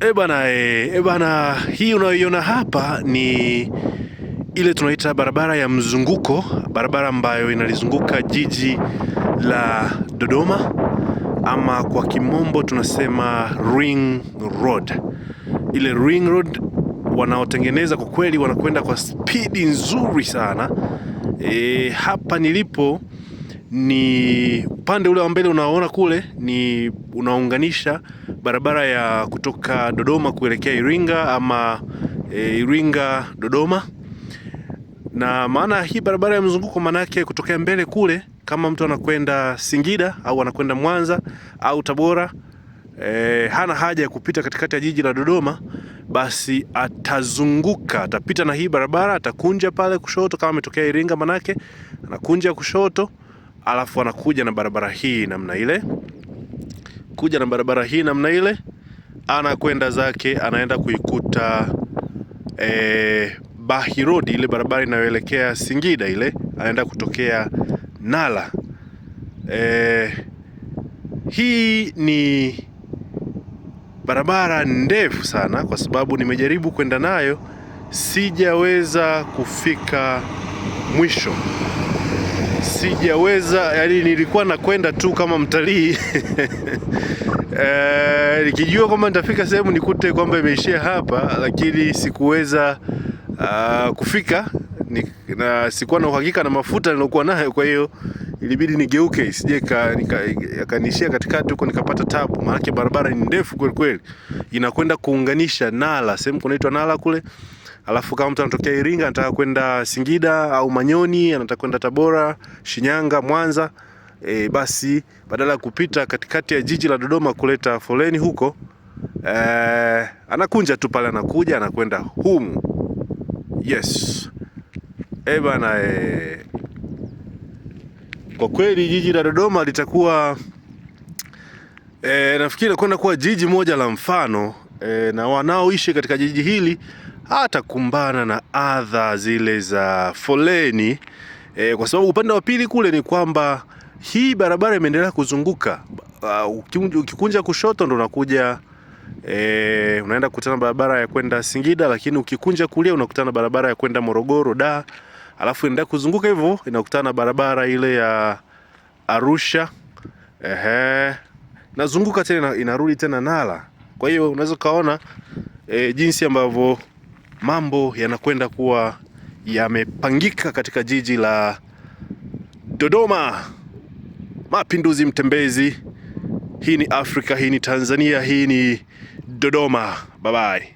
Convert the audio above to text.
E eh, bana, e eh, eh, bana, hii unayoiona hapa ni ile tunaita barabara ya mzunguko, barabara ambayo inalizunguka jiji la Dodoma ama kwa kimombo tunasema ring road. Ile ring road wanaotengeneza kwa kweli wanakwenda kwa spidi nzuri sana. E, hapa nilipo ni upande ule wa mbele unaoona kule ni unaunganisha barabara ya kutoka Dodoma kuelekea Iringa ama e, Iringa Dodoma. Na maana hii barabara ya mzunguko manake kutokea mbele kule kama mtu anakwenda Singida au anakwenda Mwanza au Tabora e, hana haja ya kupita katikati ya jiji la Dodoma, basi atazunguka, atapita na hii barabara, atakunja pale kushoto kama ametokea Iringa, manake anakunja kushoto, alafu anakuja na barabara hii namna ile kuja na barabara hii namna ile, anakwenda zake anaenda kuikuta e, Bahi Road, ile barabara inayoelekea Singida ile, anaenda kutokea Nala. E, hii ni barabara ndefu sana, kwa sababu nimejaribu kwenda nayo sijaweza kufika mwisho sijaweza, yani nilikuwa nakwenda tu kama mtalii e, kwamba nitafika sehemu nikute kwamba imeishia hapa, lakini sikuweza uh, kufika ni, na sikuwa na uhakika na mafuta nilokuwa nayo, kwa hiyo ilibidi nigeuke sije kaniishia katikati huko nikapata tabu, maanake barabara ni ndefu kweli kweli, inakwenda kuunganisha Nala, sehemu kunaitwa Nala kule Alafu kama mtu anatokea Iringa anataka kwenda Singida au Manyoni, anataka kwenda Tabora, Shinyanga, Mwanza, e, basi badala ya kupita katikati ya jiji la Dodoma kuleta foleni huko e, anakunja tu pale, anakuja anakwenda humu. Yes e bana e, kwa kweli jiji la Dodoma litakuwa e, nafikiri kwenda kuwa jiji moja la mfano e, na wanaoishi katika jiji hili hatakumbana na adha zile za foleni e, kwa sababu upande wa pili kule ni kwamba hii barabara imeendelea kuzunguka. Uh, ukikunja kushoto ndo unakuja e, unaenda kukutana barabara ya kwenda Singida, lakini ukikunja kulia unakutana barabara ya kwenda Morogoro da, alafu inaenda kuzunguka hivyo inakutana barabara ile ya Arusha ehe, nazunguka tena inarudi tena Nala. Kwa hiyo unaweza ukaona e, jinsi ambavyo mambo yanakwenda kuwa yamepangika katika jiji la Dodoma. Mapinduzi mtembezi. Hii ni Afrika, hii ni Tanzania, hii ni Dodoma. Bye bye.